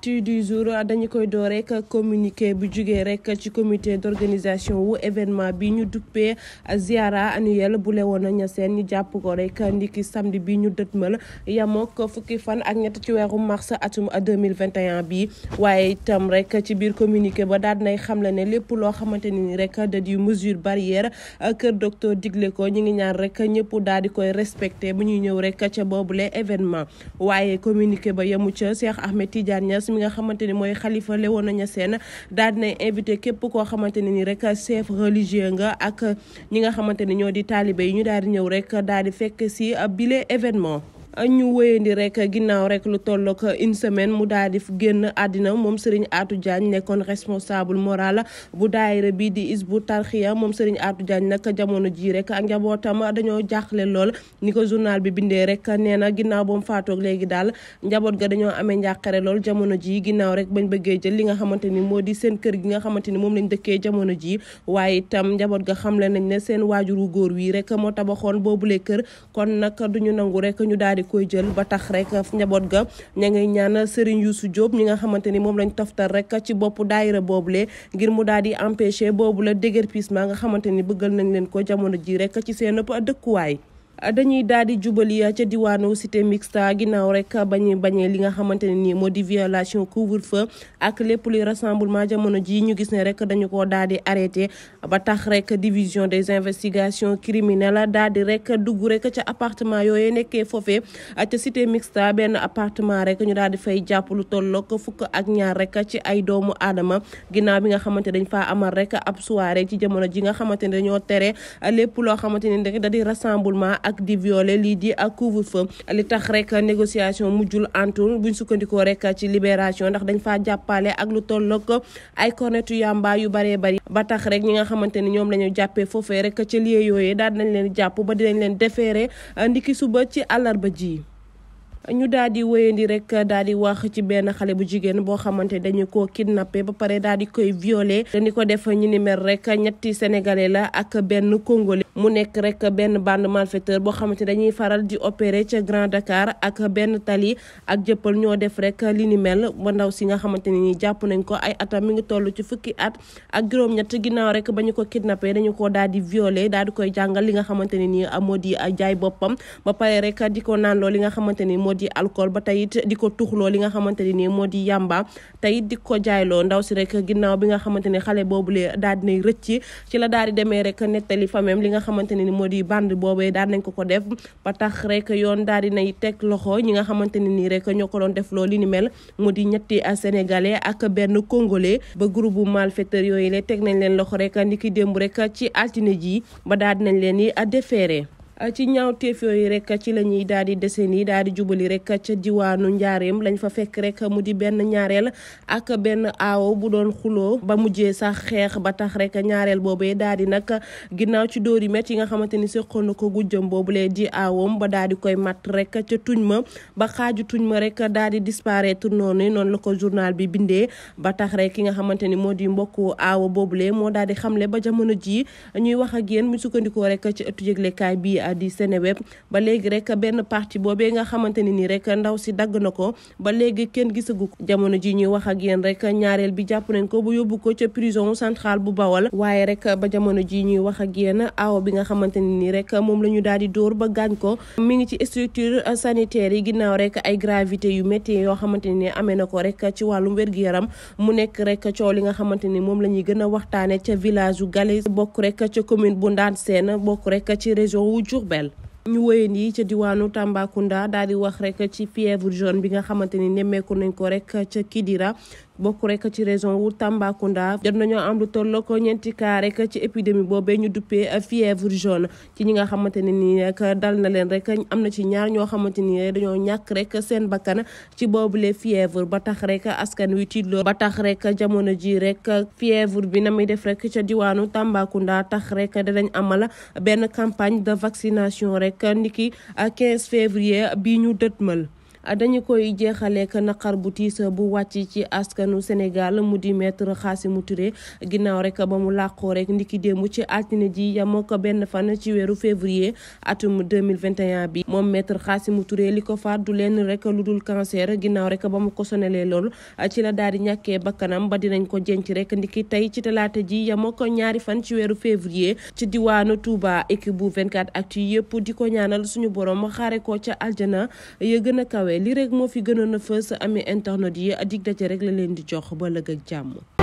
actu du jour dañu koy doo rek communiqué bu jugee rek ci comité d'organisation wu événement bi ñu duppee ziara annuelle bu Léona Niassène ñu jàpp ko rek ndiki samd bi ñu dëtmal ko fukki fan ak ñett ci weexu mars atum 2021 bi waaye itam rek ci biir communiqué ba daal nay xamle ne lépp loo xamante ni rek da di mesure kër docteur digle ko ñu ngi ñaan rek ñëpp daal di koy respecté bu ñuy ñëw rek ca boobule événement waaye communiqué ba yemu ca Cheikh Ahmed Tidiane Niass mi nga xamante ni mooy xalifa Léona Niassène daal dina invité képp koo xamante ne ni rek chef religieux nga ak ñi nga xamante ni ñoo di taalibe yi ñu daal di ñëw rek daal di fekk si bile événement ñu ndi rek ginnaaw rek lu tollook une semaine mu daal di génn àddina moom Serigne Atou Diagne nekkoon responsable moral bu daayira bi di is Hizbut Tarqiyyah moom Serigne atu jaañ nag jamono jii rek ak njabootam dañoo jaaxle lool ni ko journal bi bindee rek nee na ginnaaw ba mu faatoog léegi daal njaboot ga dañoo amee njàqare lool jamono jii ginnaaw rek bañ bëggee jël li nga xamante ni moo di seen kër gi nga xamante ni moom lañ dëkkee jamono jii waaye itam njaboot ga xamle nañ ne seen waajuru góor wi rek moo tabaxoon boobu boobule kër kon nag duñu nangu rek ñu daal di koy jël ba tax rek njaboot ga ña ngay ñaan Serigne Youssou Diop ñi nga xamante ni moom lañ toftal rek ci boppu bopp boobu boobule ngir mu daal di empêché boobu la déguerpissement nga xamante ni bëggal nañ leen ko jamono ji rek ci seen dëkkuwaay dañuy daal di jubali ca diwaanu cité mixta ginnaaw rek bañ bañee li nga xamante ne nii moo di violation couvre-feu ak lépp luy rassemblement jamono ji ñu gis ne rek dañu ko daal di arrêté ba tax rek division des investigations criminelles daal di rek dugg rek ca appartement yooyu nekkee foofee ca cité mixta benn appartement rek ñu daal di fay jàpp lu tolloog fukk ak ñaar rek ci ay doomu aadama ginnaaw bi nga xamante dañ faa amal rek ab soirée ci jamono ji nga xamante ne dañoo tere lépp loo xamante ne rek da di rassemblement ak di violer lii di ak couvre-feu li tax rek négociation mujjul antul buñ sukkandikoo rek ci libération ndax dañ faa jàppale ak lu tolloog ay cornetu yamba yu baree bari ba tax rek ñi nga xamante ni ñoom la ñu jàppee foofee rek ca lieu yooyee daal dinañ leen jàpp ba dinañ leen defeere ndiki suba ci àllarba ji ñu daal di wéyandi rek daal di wax ci benn xale bu jigéen boo xamante dañu koo kidnappé ba pare daal di koy violé dañu ko def ñu rek ñetti sénégalais la ak benn congolais mu nekk rek benn bande malfaiteur boo xamante dañuy faral di opérer ca Grand Dakar ak benn tali ak jëppal ñoo def rek li ni mel ba ndaw si nga xamante ne nii jàpp nañ ko ay atam mi ngi toll ci fukki at ak juróom-ñett ginnaaw rek ba ñu ko kidnappé dañu ko daal di violé daal koy jàngal li nga xamante ne nii amoo di jaay boppam ba pare rek di ko naan loo li nga xamante ni moo di alcool ba tey it di ko tuxloo li nga xamante ne nii moo di yàmba tey it di ko jaayloo ndaw si rek ginnaaw bi nga xamante ne xale boobule daal dinay rëcc ci la daal di demee rek nettali famem li nga xamante ne ni moo di band boobee daal ko ko def ba tax rek yoon daal dinay teg loxo ñi nga xamante ne nii rek ñoo ko doon def loo li ni mel moo di ñetti sénégalais ak benn congolais ba groupe bu yooyu la teg nañ leen loxo rek niki démb rek ci altine ji ba daal dinañ leen i defeere ci ñaawteef yooyu rek ci la ñuy daal di deseen yi daal di jubali rek ca diwaanu njaareem lañu fa fekk rek mu di benn ñaareel ak benn aawo bu doon xuloo ba mujjee sax xeex ba tax rek ñaareel boobee daal di nag ginnaaw ci dóor yi métti yi nga xamante ni seqoon na ko gujjam boobu lee di aawam ba daal di koy mat rek ca tuñ ma ba xaaju tuñ ma rek daal di disparaître noonu noonu la ko journal bi bindee ba tax rek ki nga xamante ni moo di mbokk aawo boobule moo daal di xamle ba jamono jii ñuy wax ak yéen mu sukkandikoo rek ci bi di Seneweb ba léegi rek benn parti boobee nga xamante ne ni rek ndaw si dagg na ko ba léegi kenn gisagu ko jamono ji ñuy wax ak yéen rek ñaareel bi jàpp nañ ko bu yóbbu ko ca prison centrale bu Bawol waaye rek ba jamono ji ñuy wax ak yéen aw bi nga xamante ne ni rek moom la ñu daal di dóor ba gaañ ko mi ngi ci structure sanitaire yi ginnaaw rek ay gravité yu métti yoo xamante ne ni amee na ko rek ci wàllum wér yaram mu nekk rek coow li nga xamante ni moom la ñuy gën a waxtaane ca village u Gale bokk rek ca commune bu Ndaan Seen bokk rek ci région wu Diourbel ñu wëyeen yi ca diwaanu Tambacounda daal di wax rek ci fièvre jaune bi nga xamante ni nemmeeku nañ ko rek ca Kidira bokk rek ci région wu Tambacounda jot nañoo am lu toll ko ñeenti cas rek ci épidémie boobee ñu duppee fièvre jaune ci ñi nga xamante ne nii rek dal na leen rek am na ci ñaar ñoo xamante ni dañoo ñàkk rek seen bakkan ci boobule fièvre ba tax rek askan wi tiit ba tax rek jamono ji rek fièvre bi na muy def rek ca diwaanu Tambacounda tax rek danañ amal benn campagne de vaccination rek niki 15 février bi ñu dëtmal Ah, dañu koy jeexaleek naqar bu tiis bu wàcc ci askanu Sénégal mu di maître mu ture ginnaaw rek ba mu làqoo rek ndiki démb ci altine ji yamoo ko benn fan ci weeru février atum 2021 bi moom maître mu ture li ko faat du leen rek lu dul cancer ginnaaw rek ba mu ko sonalee loolu ah, ci la daal di ñàkkee bakkanam ba dinañ ko jenc rek ndiki tey ci talaate ji yamoo ko ñaari fan ci weeru février ci diwaanu Touba équipe bu 24 actu yëpp di ko ñaanal suñu borom xaare ko ca aljana ya gën a kawe taxawee li rek moo fi gën a fës amee internet yi dig daje rek la leen di jox ba lëg ak jàmm